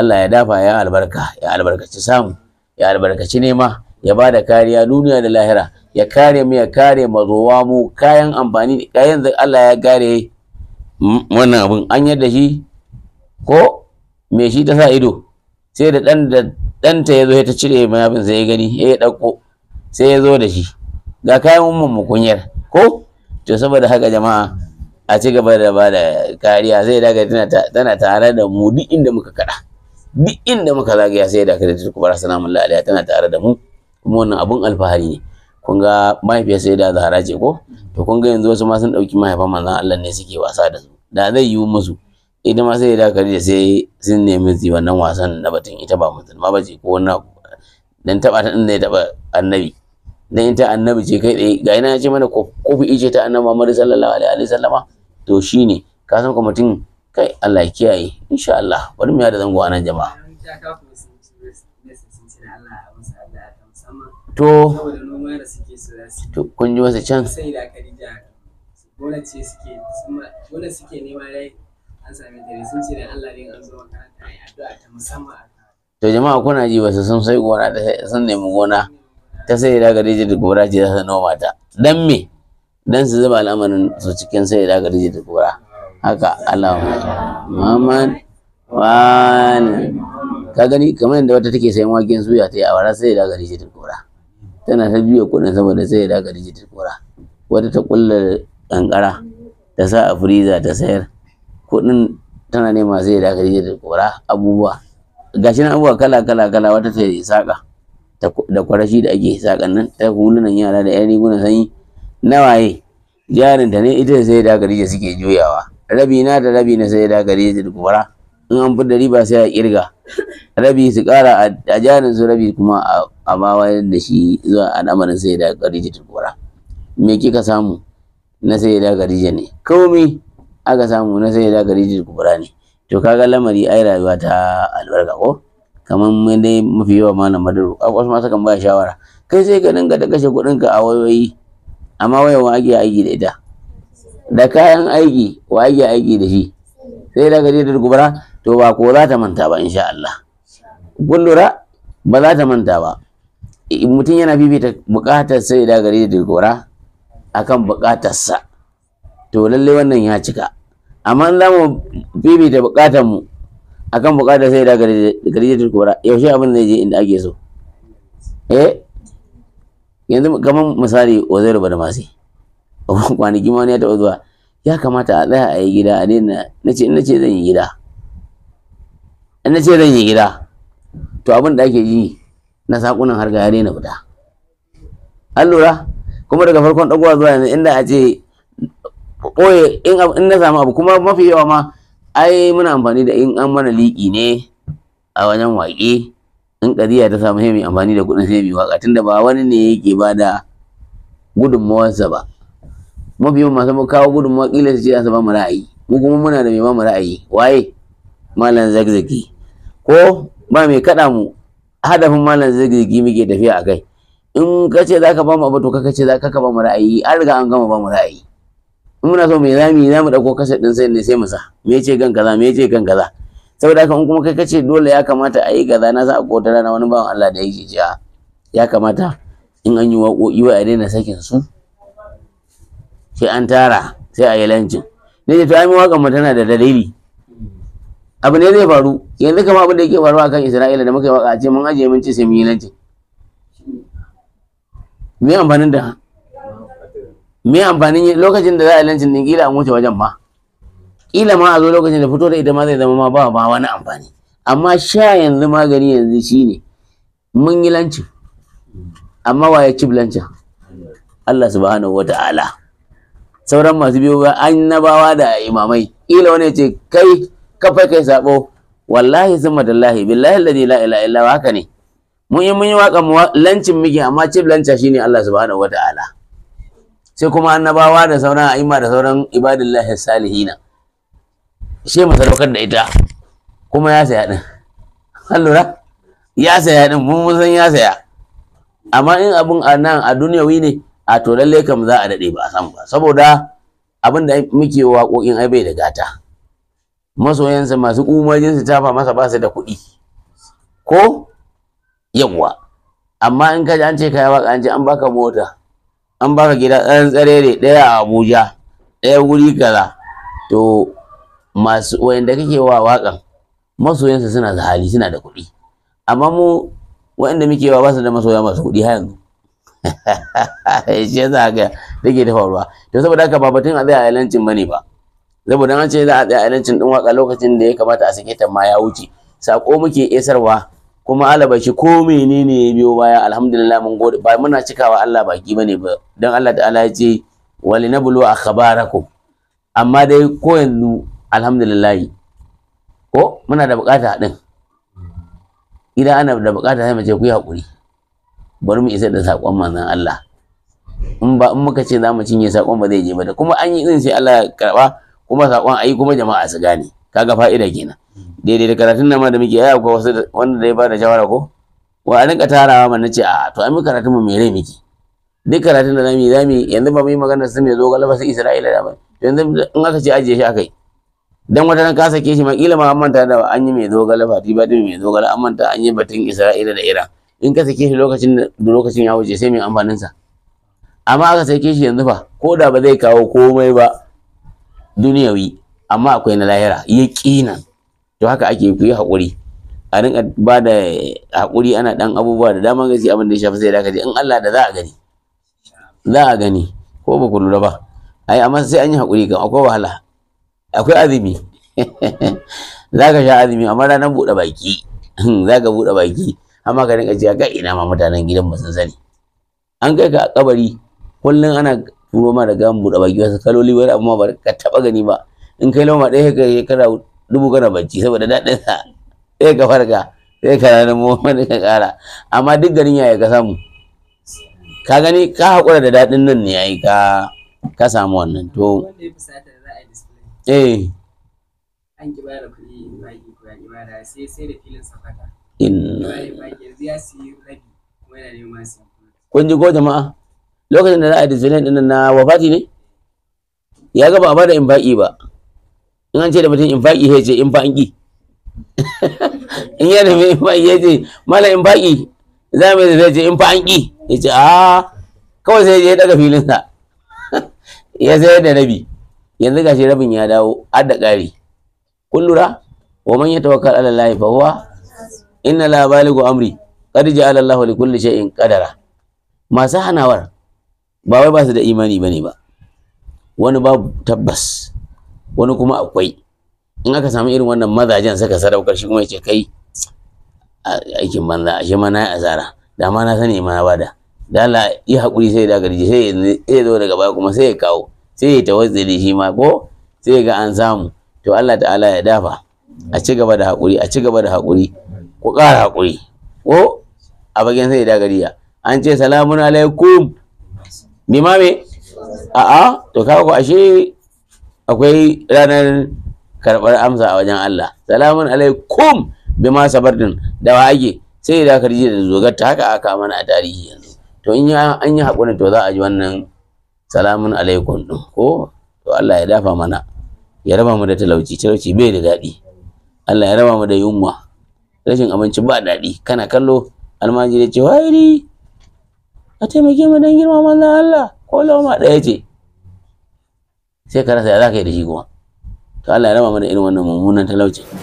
Allah ya dafa ya albarka ya albarkaci samu ya albarkaci nema ya ba da kariya duniya da lahira ya kare mu ya kare mazowa mu kayan amfani kayan da Allah ya gare wannan abin an yadda shi ko me shi ta sa ido sai da dan da danta ya zo ya ta cire abin sai ya gani ya dauko sai ya zo da shi ga kayan umman mu kunyar ko to saboda haka jama'a a ci gaba da ba da kariya sai daga tana tare da mu duk inda muka kada duk inda muka zagaya sai da kare tuku bara sana mun la'aliya tana tare da mu kuma wannan abun alfahari ne kun ga mahaifiyar sai da zahara ce ko to kun ga yanzu wasu ma sun dauki mahaifan manzon Allah ne suke wasa da su da zai yi musu Idan ma sai da da sai sun nemi zi wannan wasan na batun ita ba musulma ba ce ko wannan dan taba ta din da ya taba annabi dan ita annabi ce kai dai ga ina ya ce mana kofi ice ta annabi Muhammad sallallahu alaihi wasallama to shine ka san ko mutum kai Allah ya kiyaye insha Allah bari mu yada zango a nan jama'a to to kun ji masa can to jama'a kuna ji wasu sun sai gona ta sun nemi gona ta sai da Khadija da gora ce za su noma ta dan me dan su zuba al'amarin su cikin sai da Khadija da gora. haka Allah Muhammad wani ka gani kamar yadda wata take sayan waken suya ta yi wara sai da gari jitin kora tana ta juya kuɗin saboda sai da gari jitin kora wata ta kulla kankara ta sa a firiza ta sayar kuɗin tana nema sai da gari jitin kora abubuwa gashi nan abubuwa kala kala kala wata ta yi saƙa da kwarashi da ake saƙan nan ta hulunan yara da 'yan rigunan sanyi nawaye ta ne ita sai da gari suke juyawa rabi na da rabi na sai da gare shi da in an fi riba sai a kirga rabi su kara a jarin su rabi kuma a bawa da shi zuwa al'amarin sai da gare shi da kubara me kika samu na sai da gare ne komai aka samu na sai da gare shi da ne to kaga lamari ai rayuwa ta albarka ko kamar mai dai mafi yawa malam madaru wasu masu kan ba shawara kai sai ka dinga da kashe kuɗinka a wayoyi amma wayewa ake aiki da ita da kayan aiki wa ake aiki da shi sai da gari da gubara to ba ko za ta manta ba insha Allah kun lura ba za ta manta ba mutum yana bibita bukatar sai da gari da gubara akan sa to lalle wannan ya cika amma in za mu bibita bukatar mu akan bukatar sai da gari da gubara yaushe abin zai je inda ake so eh yanzu kamar misali wazairu badamasi kwanaki ma ne ya taɓa zuwa ya kamata a tsaya a yi gida a daina na ce na ce zan yi gida na ce zan yi gida to abin da ake ji na sakunan har ga ya daina fita an lura kuma daga farkon ɗagowa zuwa yanzu inda a ce ɓoye in na samu abu kuma mafi yawa ma ai muna amfani da in an mana liƙi ne a wajen waƙe in ƙadiya ta samu sai amfani da kuɗin sai mai waƙa tunda ba wani ne yake ba da gudunmawarsa ba mabiyan masu mu kawo gudun kila su ce za su ba mu ra'ayi mu kuma muna da mai ba mu ra'ayi waye malam zagzagi ko ba mai kaɗa mu hadafin malam zagzagi muke tafiya a kai in ka ce za ka ba mu abu to ka ce za ka ba mu ra'ayi an riga an gama ba mu ra'ayi in muna so mai rami za mu ɗauko kasa ɗin sai ne sai mu sa me ce kan kaza me ce kan kaza saboda haka in kuma kai kace dole ya kamata a yi kaza na sa a kotara na wani bawan Allah da yake jiya? ya kamata in an yi waƙoƙi wa a daina sakin su sai an tara sai a yi lancin ne da to ai waƙan mu tana da dalili abu ne zai faru yanzu kama abin da yake faruwa kan isra'ila da muka yi waka a ce mun ajiye mun ce sai mun yi lancin me amfanin da me amfanin lokacin da za a yi lancin din kila an wuce wajen ma kila ma a zo lokacin da fito da ita ma zai zama ma ba ba wani amfani amma sha yanzu magani yanzu shine mun yi lancin amma wa ya ci lancin Allah subhanahu wa ta'ala sauran masu biyo ba annabawa da imamai ila wani ce kai kafai kai sabo wallahi summa tallahi billahi alladhi la ilaha illa haka ne mun yi mun yi waka lancin miki amma cib lanca shine Allah subhanahu wataala sai kuma annabawa da sauran a'imma da sauran ibadillahi salihina shi mu sadaukar da ita kuma ya saya din an lura ya saya din mun san ya saya amma in abun a nan a duniyawi ne a to lalle kam za a daɗe ba a samu ba saboda abin da muke waƙoƙin ai bai da gata masoyansa masu kumajin su tafa masa ba su da kuɗi ko yawwa amma in ka ji an ce kai waƙa an ce an baka mota an baka gida ɗan tsarere ɗaya a Abuja ɗaya wuri kaza to masu wayanda kake wa waƙan masoyansa suna da hali suna da kuɗi amma mu wayanda muke wa ba su da masoya masu kuɗi har yanzu shi za ga dake da faruwa to saboda haka ba batun a tsaya a lancin bane ba saboda an ce za a tsaya a ilancin din waka lokacin da ya kamata a sake ta ma ya wuce sako muke isarwa kuma alaba shi ko menene ya biyo baya alhamdulillah mun gode ba muna cikawa Allah baki bane ba dan Allah ta'ala ya ce walinablu akhbarakum amma dai ko yanzu alhamdulillah ko muna da bukata din idan ana da bukata sai mu je ku yi hakuri bari mu isa da sakon manzon Allah in ba in muka ce za mu cinye sakon ba zai je ba da kuma an yi din sai Allah ya karba kuma sakon ayi kuma jama'a su gane kaga fa'ida kenan daidai da karatun nan ma da muke yaya ko wasu wanda dai ba bada shawara ko wa a rinka tarawa man nace a to an mu karatun mu me rai miki duk karatun da zamu yi zamu yanzu ba mu yi magana su mai zo galaba su Isra'ila da ba yanzu in aka ce ajiye shi akai dan wata nan ka sake shi ma kila ma an manta da an yi mai zo galaba ba mai zo galaba an manta an yi batun Isra'ila da Iran in ka sake shi lokacin da lokacin ya wuce sai mai amfanin sa amma aka sake shi yanzu fa ko da ba zai kawo komai ba duniyawi amma akwai na lahira yaqinan to haka ake ku yi haƙuri a rinka ba da haƙuri ana ɗan abubuwa da dama gaske abin da ya shafi sai da in Allah da za a gani za a gani ko ba ku lura ba ai amma sai an yi haƙuri kan akwai wahala akwai azumi za ka sha azumi amma ranar buɗe baki hmm, za ka buɗe baki amma ka dinga jiya ga ina ma mutanen gidan mu sun sani an kai ka a kabari kullun ana turo ma da gamu da baki wasu kaloli wani abu ma ba ka taɓa gani ba in kai lauma ɗaya ka kana dubu kana bacci saboda daɗin sa sai ka farka sai ka rana mu wani ka ƙara amma duk garin yaya ka samu ka gani ka haƙura da daɗin nan ne yayi ka ka samu wannan to eh an ki bayar kuɗi ba ki ba da sai sai da filin safaka kun ji ko jama'a lokacin da za a disilin ɗin na wafati ne ya gaba a bada infaki ba in an ce da mutum infaki ya ce infaki in ya nemi infaki ya ce mala infaki za mu yi ce infaki ya ce a kawai sai ya daga filinsa ya sayar da rabi yanzu gashi rabin ya dawo adda kari. kun lura wa man ya tawakkal ala Allah fa huwa inna la baligu amri qad ja'ala Allahu li kulli shay'in qadara masu hanawar ba wai ba su da imani bane ba wani babu tabbas wani kuma akwai in aka samu irin wannan mazajen saka sadaukar shi kuma yace kai aikin banza a shima na asara da ma na sani ma bada da Allah yi hakuri sai da garji sai ya zo daga baya kuma sai ya kawo sai ya tawazzali shi ma ko sai ga an samu to Allah ta'ala ya dafa a ci gaba da hakuri a ci gaba da hakuri ku ƙara haƙuri ko a bakin sai da gariya an ce salamun alaikum nima me a'a to kawo ku ashe akwai ranar karɓar amsa a wajen Allah salamun alaikum ma sabartin da wa ake sai da karji da zogarta haka aka mana a tarihi yanzu to in an yi haƙuri to za a ji wannan salamun alaikum din ko to Allah ya dafa mana ya raba mu da talauci talauci bai da daɗi Allah ya raba mu da yunwa rashin abinci ba daɗi kana kallo da ce wairi a taimake mu don girma mallan Allah ko lauma ɗaya ce sai ka rasa ya za ka yi da shi kuma to Allah ya raba mana irin wannan mummunan talauci